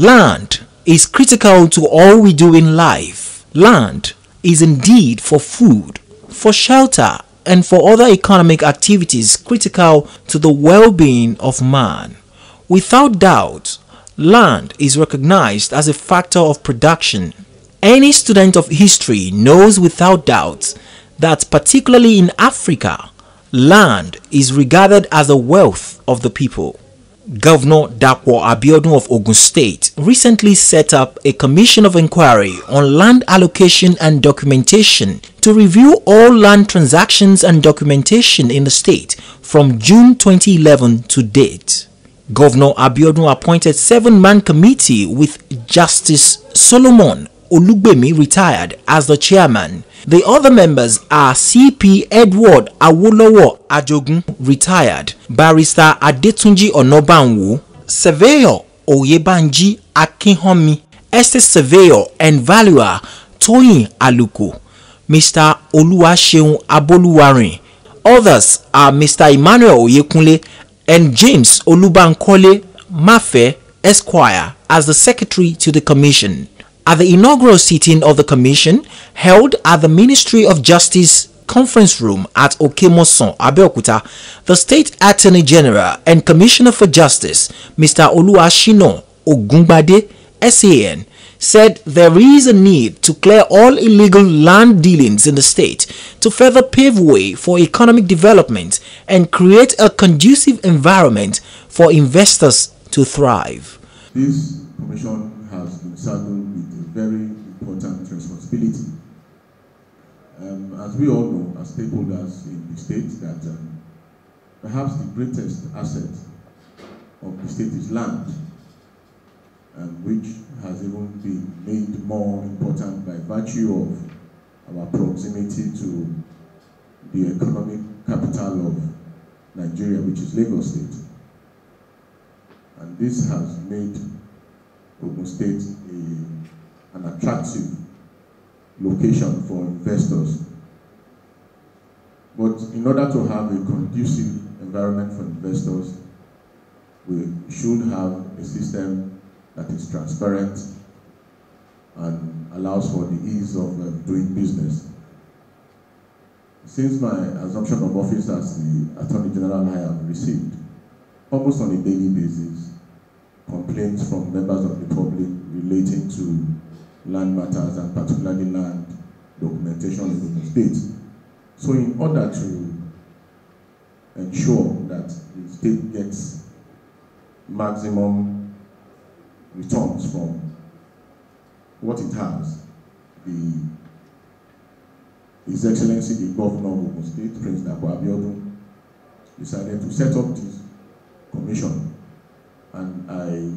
Land is critical to all we do in life. Land is indeed for food, for shelter, and for other economic activities critical to the well-being of man. Without doubt, land is recognized as a factor of production. Any student of history knows without doubt that particularly in Africa, land is regarded as a wealth of the people. Governor Dapo Abiodun of Ogun State recently set up a commission of inquiry on land allocation and documentation to review all land transactions and documentation in the state from June 2011 to date. Governor Abiodun appointed seven-man committee with Justice Solomon Olugbemi retired as the chairman. The other members are CP Edward Awolowo Ajogun retired, Barrister Adetunji Onobanwo, Surveyor Oyebanji Akinhomi, Estate Surveyor and Valuer Toyin Aluko, Mr. Oluwaseun Aboluwarin. Others are Mr. Emmanuel Oyekunle and James Olubankole Mafe Esquire as the secretary to the commission. At the inaugural sitting of the commission held at the Ministry of Justice conference room at Okemoson, Abeokuta, the State Attorney General and Commissioner for Justice, Mr. Oluashino Ogungbade, SAN, said there is a need to clear all illegal land dealings in the state to further pave way for economic development and create a conducive environment for investors to thrive. This commission has been saddled very important responsibility. Um, as we all know, as stakeholders in the state, that um, perhaps the greatest asset of the state is land, um, which has even been made more important by virtue of our proximity to the economic capital of Nigeria, which is Lagos State. And this has made Ogun State a an attractive location for investors. But in order to have a conducive environment for investors, we should have a system that is transparent and allows for the ease of uh, doing business. Since my assumption of office as the Attorney General, I have received, almost on a daily basis, complaints from members of the public relating to land matters and particularly land documentation in the state. So in order to ensure that the state gets maximum returns from what it has, the His Excellency the Governor of the State, Prince Dabo Abiodun, decided to set up this commission and I,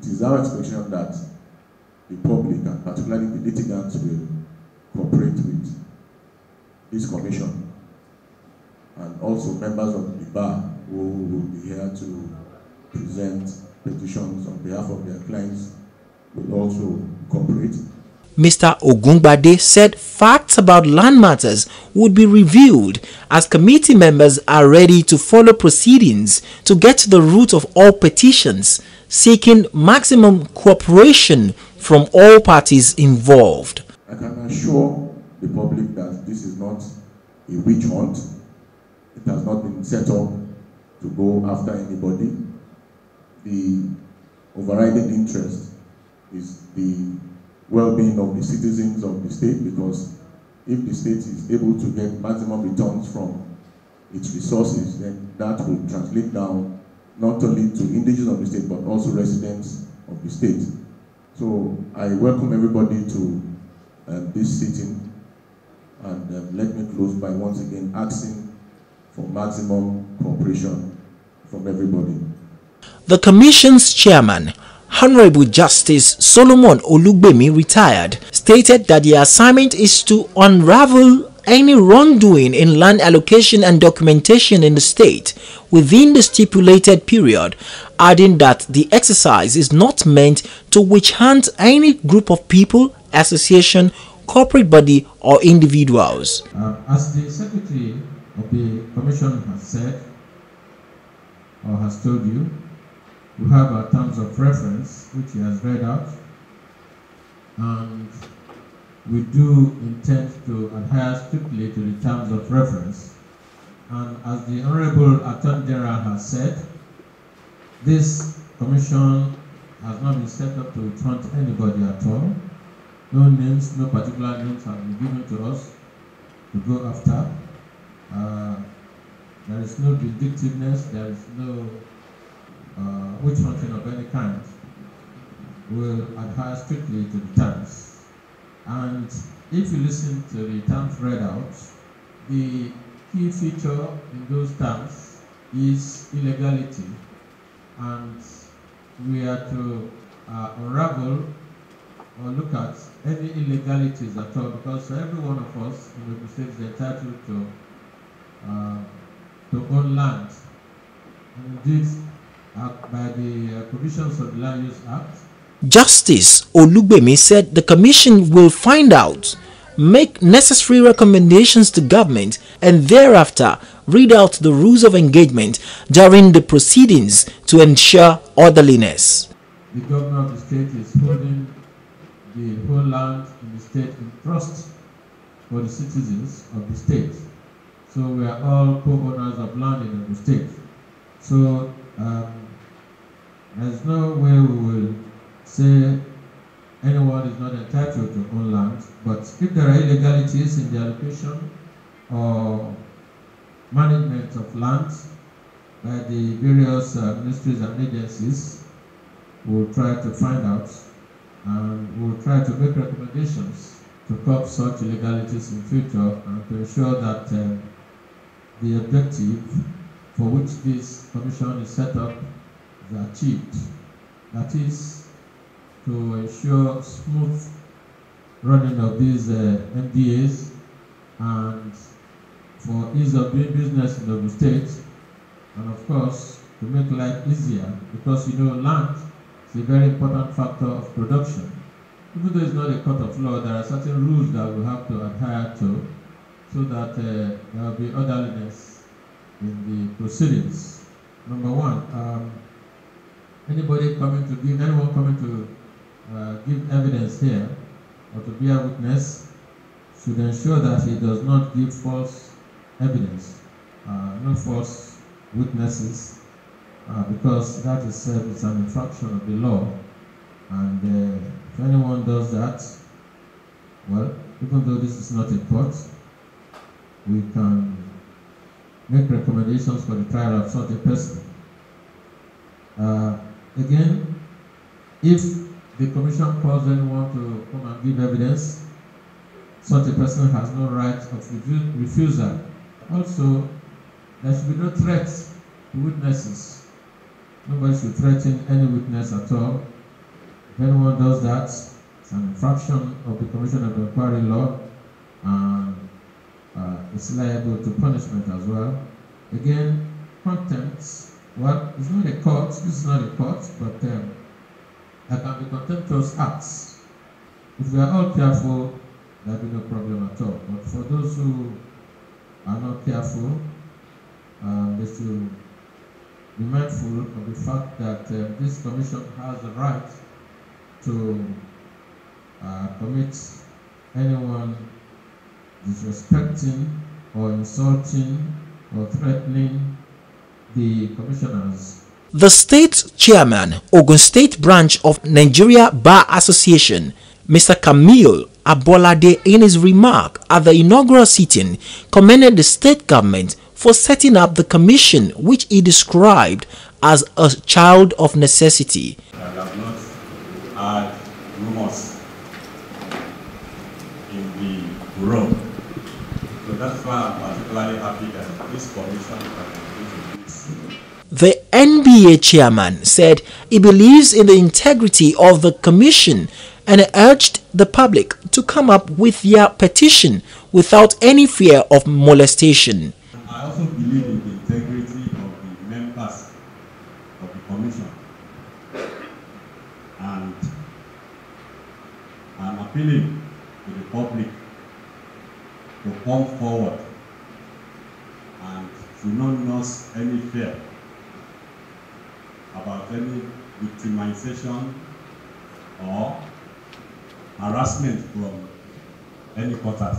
it is our expectation that the public and particularly the litigants will cooperate with this commission and also members of the bar who will be here to present petitions on behalf of their clients will also cooperate. Mr. Ogungbade said facts about land matters would be reviewed as committee members are ready to follow proceedings to get to the root of all petitions, seeking maximum cooperation from all parties involved. I can assure the public that this is not a witch hunt. It has not been set up to go after anybody. The overriding interest is the well-being of the citizens of the state because if the state is able to get maximum returns from its resources, then that will translate down not only to indigenous of the state but also residents of the state. So I welcome everybody to um, this sitting and um, let me close by once again asking for maximum cooperation from everybody. The Commission's chairman, Honorable Justice Solomon Olugbemi retired, stated that the assignment is to unravel any wrongdoing in land allocation and documentation in the state within the stipulated period, adding that the exercise is not meant to witch hunt any group of people, association, corporate body or individuals. Uh, as the Secretary of the Commission has said or has told you, we have our terms of reference which he has read out and we do intend to adhere strictly to the terms of reference. And as the Honorable Attorney General has said, this commission has not been set up to taunt anybody at all. No names, no particular names have been given to us to go after. Uh, there is no vindictiveness, there is no uh, witch hunting of any kind. We'll adhere strictly to the terms. And if you listen to the terms read out, the key feature in those terms is illegality. And we are to uh, unravel or look at any illegalities at all because every one of us in the state is entitled to uh, to own land. And indeed, uh, by the uh, provisions of the Land Use Act, Justice Olugbemi said the commission will find out, make necessary recommendations to government and thereafter read out the rules of engagement during the proceedings to ensure orderliness. The governor of the state is holding the whole land in the state in trust for the citizens of the state. So we are all co-owners of land in the state. So um, there's no way we will say anyone is not entitled to own land, but if there are illegalities in the allocation or management of land by the various uh, ministries and agencies, we'll try to find out and we'll try to make recommendations to curb such illegalities in future and to ensure that uh, the objective for which this commission is set up is achieved. That is, to ensure smooth running of these uh, MDAs and for ease of doing business in the state and of course to make life easier because you know land is a very important factor of production. Even though it's not a court of law, there are certain rules that we have to adhere to so that uh, there will be orderliness in the proceedings. Number one, um, anybody coming to give, anyone coming to uh, give evidence here or to bear witness should ensure that he does not give false evidence, uh, no false witnesses, uh, because that itself is an infraction of the law. And uh, if anyone does that, well, even though this is not a court, we can make recommendations for the trial of such a person. Uh, again, if the commission calls anyone to come and give evidence, such a person has no right of refusal. Also, there should be no threat to witnesses. Nobody should threaten any witness at all. If anyone does that, it's an infraction of the Commission of Inquiry Law and uh, it's liable to punishment as well. Again, contempt, well, it's not a court, this is not a court, but um, that can be contemptuous acts. If we are all careful, there will be no problem at all. But for those who are not careful, um, they should be mindful of the fact that um, this commission has the right to uh, commit anyone disrespecting or insulting or threatening the commissioners the state chairman, Ogun State branch of Nigeria Bar Association, Mr. Camille Abolade, in his remark at the inaugural sitting, commended the state government for setting up the commission which he described as a child of necessity. I have not rumors in the room. So that's why I'm particularly happy that this commission the NBA chairman said he believes in the integrity of the commission and urged the public to come up with their petition without any fear of molestation. I also believe in the integrity of the members of the commission and I'm appealing to the public to come forward and to not nurse any fear about any victimization or harassment from any quarter.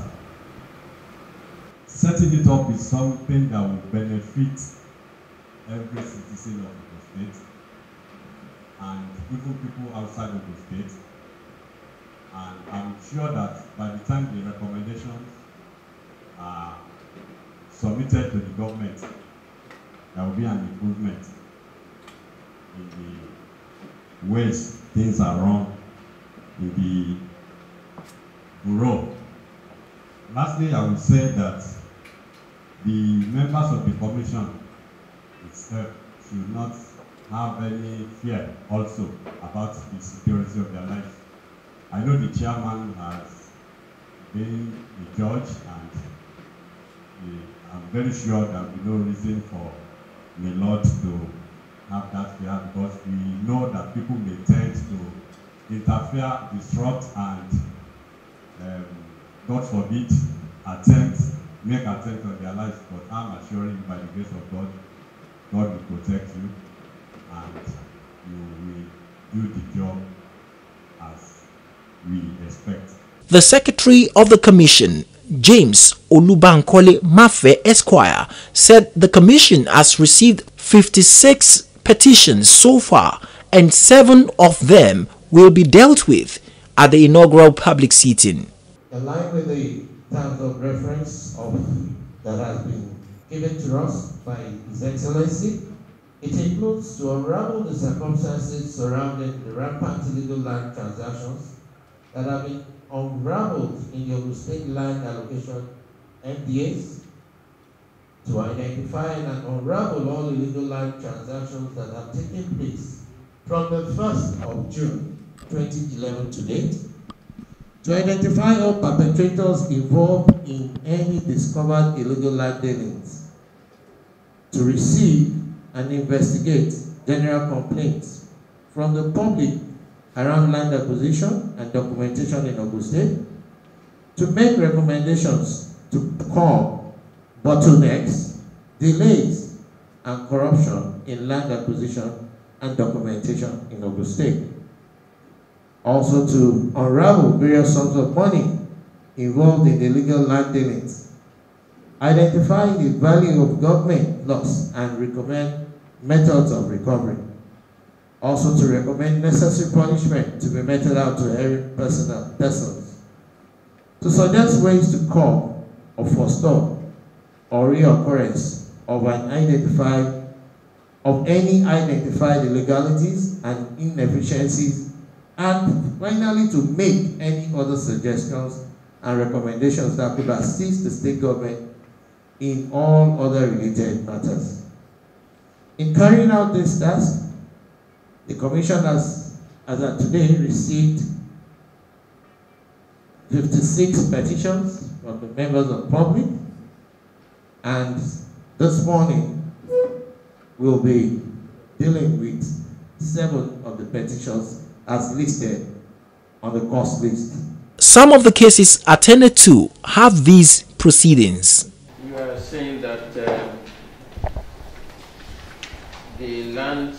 Setting it up is something that will benefit every citizen of the state and even people outside of the state. And I'm sure that by the time the recommendations are submitted to the government, there will be an improvement. in the ways things are wrong in the bureau. Lastly, I would say that the members of the commission itself should not have any fear also about the security of their life. I know the chairman has been a judge and I'm very sure there will be no reason for the Lord to have that fear because we know that people may tend to interfere, disrupt, and um, God forbid, attempt, make attempt on their lives. But I'm assuring by the grace of God, God will protect you and you will do the job as we expect. The Secretary of the Commission, James Olubankole Mafe Esquire, said the Commission has received 56 petitions so far, and seven of them will be dealt with at the inaugural public sitting. Aligned with the terms of reference of, that has been given to us by His Excellency, it includes to unravel the circumstances surrounding the rampant illegal land transactions that have been unraveled in the State Land Allocation MDAs to identify and unravel all illegal land transactions that have taken place from the 1st of June 2011 to date, to identify all perpetrators involved in any discovered illegal land dealings, to receive and investigate general complaints from the public around land acquisition and documentation in Ogun State, to make recommendations to call bottlenecks, delays, and corruption in land acquisition and documentation in Ogun State. Also to unravel various sums of money involved in illegal land dealings, identify the value of government loss and recommend methods of recovery. Also to recommend necessary punishment to be meted out to every personal persons. To suggest ways to curb or forestall or reoccurrence of an identified of any identified illegalities and inefficiencies and finally to make any other suggestions and recommendations that could assist the state government in all other related matters. In carrying out this task, the Commission has, as of today, received 56 petitions from the members of the public and this morning, we'll be dealing with seven of the petitions as listed on the cost list. Some of the cases attended to have these proceedings. You are saying that uh, the land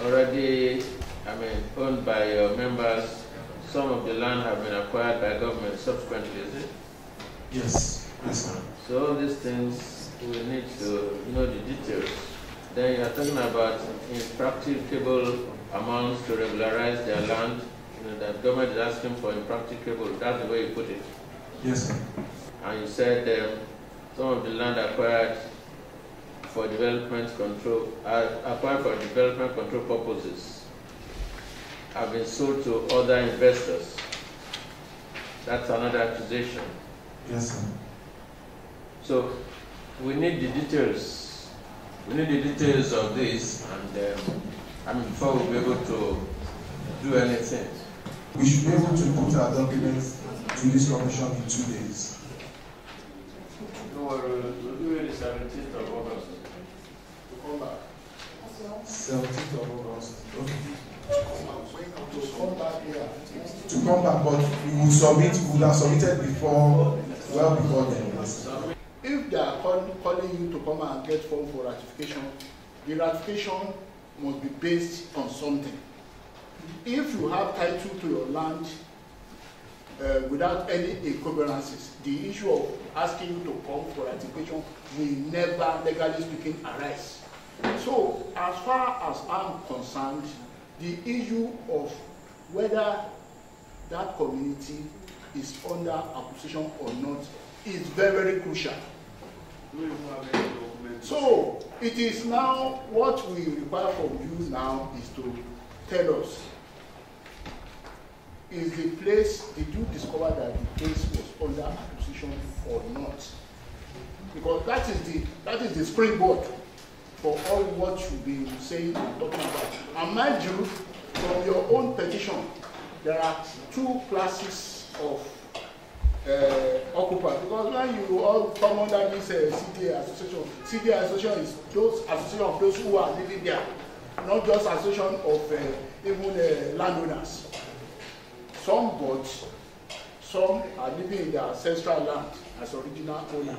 already, I mean, owned by your members, some of the land have been acquired by government subsequently, is it? Yes. Yes, So all these things, we need to know the details. Then you are talking about impracticable amounts to regularize their land. You know, the government is asking for impracticable, that's the way you put it. Yes, sir. And you said um, some of the land acquired for development control, uh, acquired for development control purposes have been sold to other investors. That's another accusation. Yes, sir. So we need the details. We need the details of this, and um, I mean, before we'll be able to do anything. We should be able to put our documents to this commission in two days. No, we'll do it the 17th of August. To come back. 17th of August. Okay. To come back here. To come back, but we will submit, we will have submitted before, well before then. If they are call, calling you to come and get form for ratification, the ratification must be based on something. If you have title to your land uh, without any encumbrances, the issue of asking you to come for ratification will never, legally speaking, arise. So, as far as I'm concerned, the issue of whether that community is under acquisition or not is very, very crucial. So, it is now, what we require from you now is to tell us, is the place, did you discover that the place was under acquisition or not? Because that is the, that is the springboard for all what you've been saying and talking about. And mind you, from your own petition, there are two classes of uh, occupants because when you all come under this uh, eh, CDA association, CDA association is those association of those who are living there, not just association of uh, even uh, landowners. Some got, some are living in their ancestral land as original owner.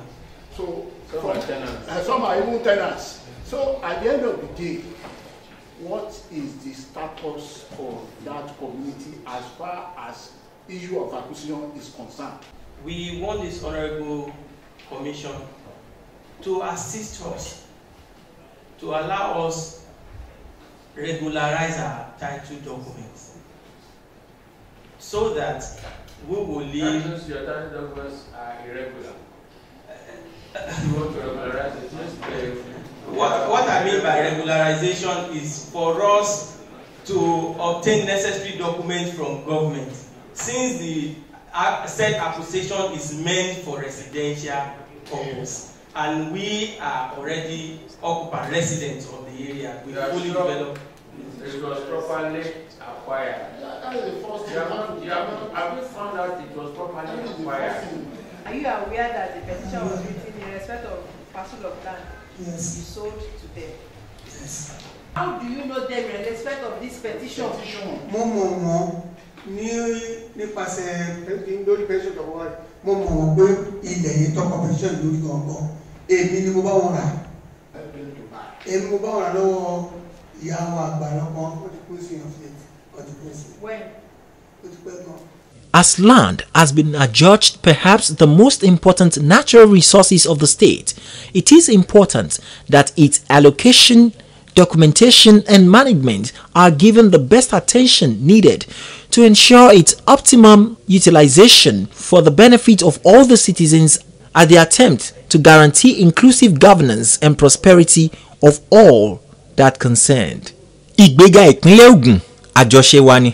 So some from, are tenants. Uh, some are even tenants. So at the end of the day, what is the status of that community as far as issue of acquisition is concerned? we want this honorable commission to assist us, to allow us regularize our title documents so that we will leave. That means your title documents are irregular. you want to regularize it? What, what I mean by regularization is for us to obtain necessary documents from government. Since the said application is meant for residential purpose. And we are already occupant residents of the area. We fully developed. It was properly acquired. you have, you have you found out it was properly acquired? Are you aware that the petition was written in respect of parcel of land yes. you sold to them? Yes. How do you know them in respect of this petition? Petition. Mo mo mo. ní As land has been adjudged perhaps the most important natural resources of the state, it is important that its allocation, documentation, and management are given the best attention needed to ensure its optimum utilization for the benefit of all the citizens at the attempt to guarantee inclusive governance and prosperity of all that concerned. ìgbéga ìpínlẹ̀ Ògùn àjọṣe wa ni.